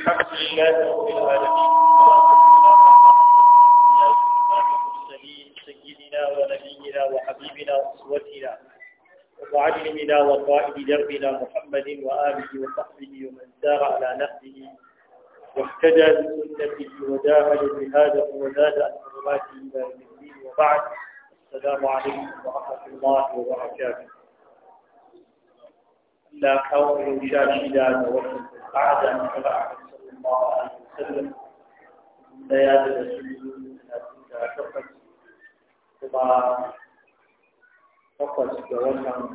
الحمد لله رب العالمين سيدنا ونبينا وحبيبنا وأسوتنا ومعلمنا وقائد دربنا محمد وآله وصحبه ومن سار على نهجه واهتدى بسنته وجاهد بهذا وزاد عن حرماته إلى يوم الدين وبعد السلام عليكم ورحمة الله وبركاته لا حول ولا قوة إلا بالله وحده قعد أن الله عليه وسلم ليالي الرسول تفقد تبع تفقد جوازا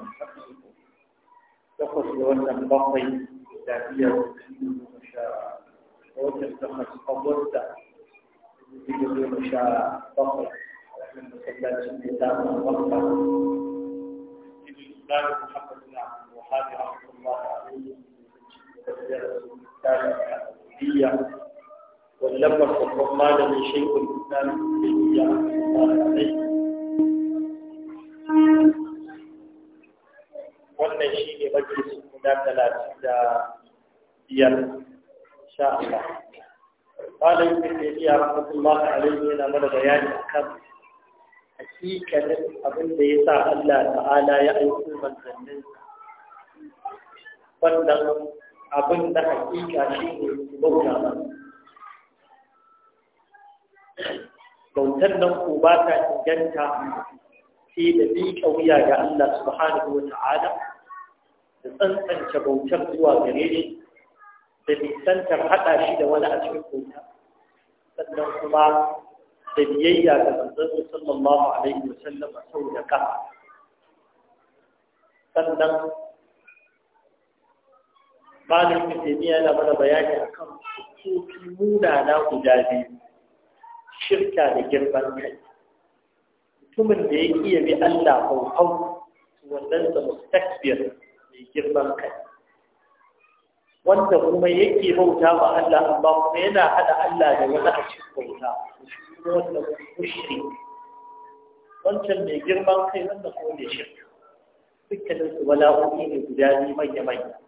تفقد جوازا بقي ذاتية ومشاعر وتفقد قبضة بجزء مشاعر بقي من مسلات الإسلام والبقى ابن الإسلام محمد بن عبد الوهاب رحمه الله عليه وسلم الحزبية ولما صفر ما لم يشيء الإسلام الحزبية والنشيء مجلس الإمام ثلاثين إن شاء الله قال ابن تيمية رحمة الله عليه من أمر بيان أكبر حقيقة أبن ليس الله تعالى يعيش من ذنبه abin da hakika shi ne bauta ba bautar nan ko ba ta inganta sai da miƙa wuya ga Allah subhanahu wa ta'ala da tsantsance bautar zuwa gare shi da nisantar haɗa shi da wani a cikin bauta sannan kuma da biyayya ga manzon sallallahu alaihi wa sallam a sau da sannan malin fitemiya yana mana bayani a kan hukuki munana guda biyu shirka da girman kai mutumin da ya iya bi Allah hauhau wannan da mustakbir mai girman kai wanda kuma yake bauta wa Allah amma kuma yana hada Allah da wani a cikin bauta wanda mushrik wancan mai girman kai wanda kuma mai shirka dukkanin su bala'o'i ne guda biyu manya-manya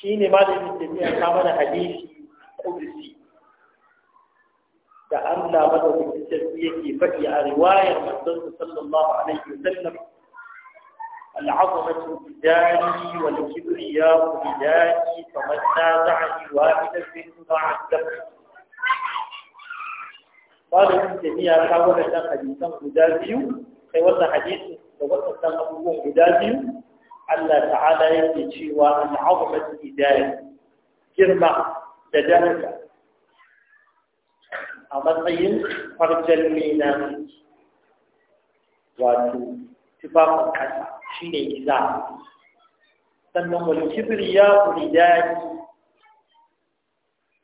shi ne ma da yake tafiya ta mana hadisi kudusi da Allah madaukakin sarki yake faɗi a riwayar manzon sallallahu alaihi wasallam العظمة بداني والكبرياء بداني فمن نازعني واحدا منهما عذبه قال ابن تيمية حاول أن حديثا بداني أي والله حديث لو أن أبوه بداني Allah ta'ala yake cewa an azumat idaya girma da daraja a matsayin farjan mena wato tufafin kasa shi ne iza sannan wani kibir ya kuri daji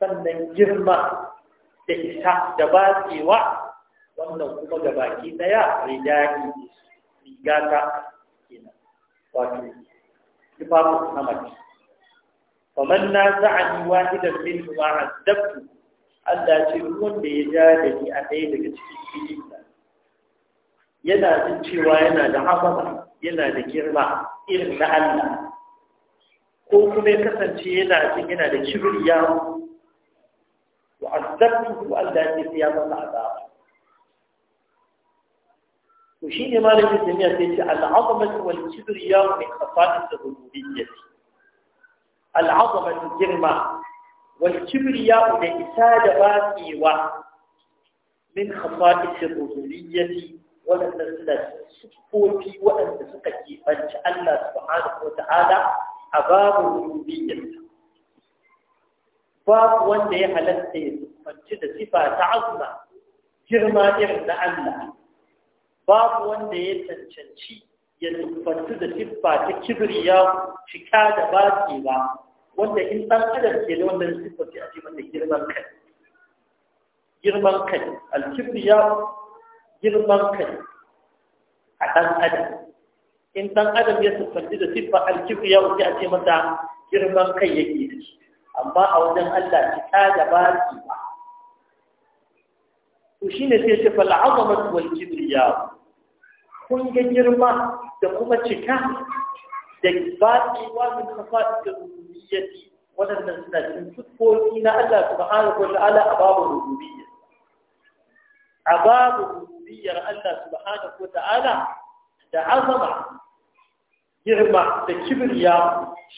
sannan girma da isa da batsewa wannan kuma da baki daya ridani riga ta wato tufafin na mace man na za'ani wahidan min wa azdabtu Allah ce da ya ja da ni a ɗaya daga cikin filinsa yana jin cewa yana da hafaza yana da girma irin na Allah ko kuma ya kasance yana jin yana da kibriya wa azdabtu Allah ce ya masa azaba to shi ne malamin jami'a sai ce al'azamatu wal kibriya min khasa'is rububiyyah al'azamatu girma wal kibriya da isa da batsewa min khasa'is rububiyyah waɗanda suna sufofi waɗanda suka keɓanci Allah subhanahu wa ta'ala a babu rububiyyarsa babu wanda ya halatta ya sufanci da sifa ta azuma girma irin na Allah babu wanda ya cancanci ya tuffantu da siffa ta kibriya cika da baki ba wanda in ɗan adam ke da wannan siffa sai a ce mata girman kai girman kai ya girman kai a ɗan adam in ɗan adam ya tuffantu da siffa ya wuce a ce mata girman kai yake da shi amma a wajen Allah cika da baki ba to shine sai ce fal azamat wal kibriya kun ga girma da kuma cika da baɗewa min hafaɗin rububiyyati waɗannan suna cikin siffofi na Allah subhanahu wa ta'ala a babu rububiyya a babu rububiyyar Allah subhanahu wa ta'ala da azama girma da kibriya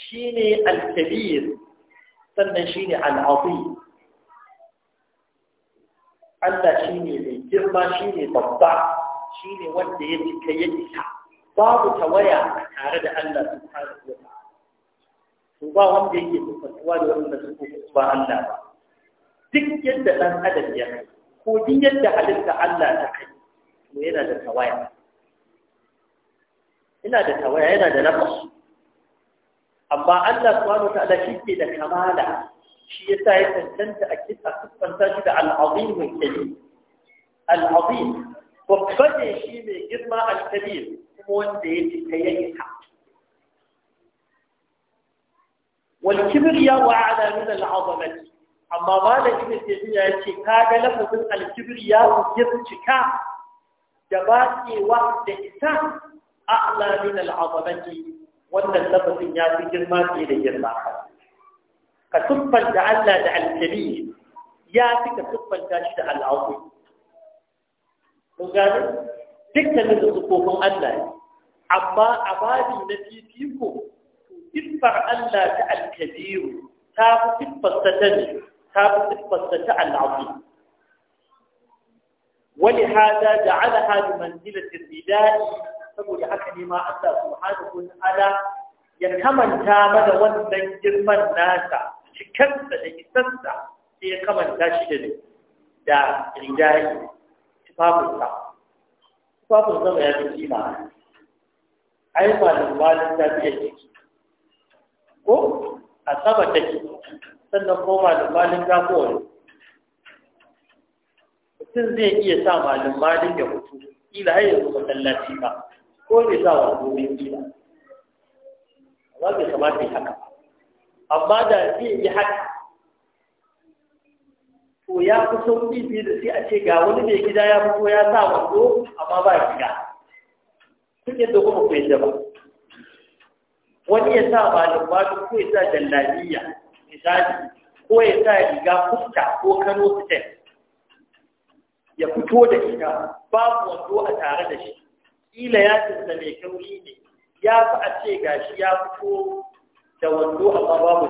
shine al-kabir sannan shine al-azim Allah shine mai girma shine babba shi ne wanda ya cika ya cika babu tawaya tare da Allah subhanahu wa ta'ala to ba wanda yake tsofantuwa da wannan sukokin ba Allah ba duk yadda ɗan adam ya kai ko duk yadda halitta Allah ta kai to yana da tawaya yana da tawaya yana da nafsu amma Allah subhanahu wa ta'ala shi ke da kamala shi yasa ya tantance a kitsa kuskanta shi da al'azim mai kalim al'azim babba ne shi mai girma alkadir kuma wanda ya cika ya isa wal kibriya wa ala min al azamati amma malam ibn taymiya ya ce kaga lafazin al kibriya ya cika da batsewa da isa a'la min al azamati wannan lafazin ya fi girma fiye da girma ka tuffanta Allah da al ya fi ka tuffanta shi da al mun gane dukkanin da tsofaffin Allah ne amma a babi na fifiko siffar Allah ta alkabiru ta fi siffarsa ta ne ta fi ta wani hada da ala hadu da bidai saboda haka ne ma Allah subhanahu wa ta'ala ya kamanta mana wannan girman nasa cikansa da isansa sai ya kamanta shi da da tufafin sama ya fi malin ta fiye ciki ko a sama take sannan ko malin ta mutum zai iya sa malin malin ya mutu kila har yanzu masallaci ba ko bai sa wa domin kila amma bai kamata ya haka amma da zai yi haka ko ya fi son fiye da sai a ce ga wani mai gida ya fito ya sa wando amma ba gida duk da kuma kai yadda ba wani ya sa da ba ko ya sa jallabiya misali ko ya sa riga fuska ko kano fitel ya fito da ita babu wando a tare da shi kila ya tinsa mai kauri ne ya fi a ce gashi ya fito da wando amma babu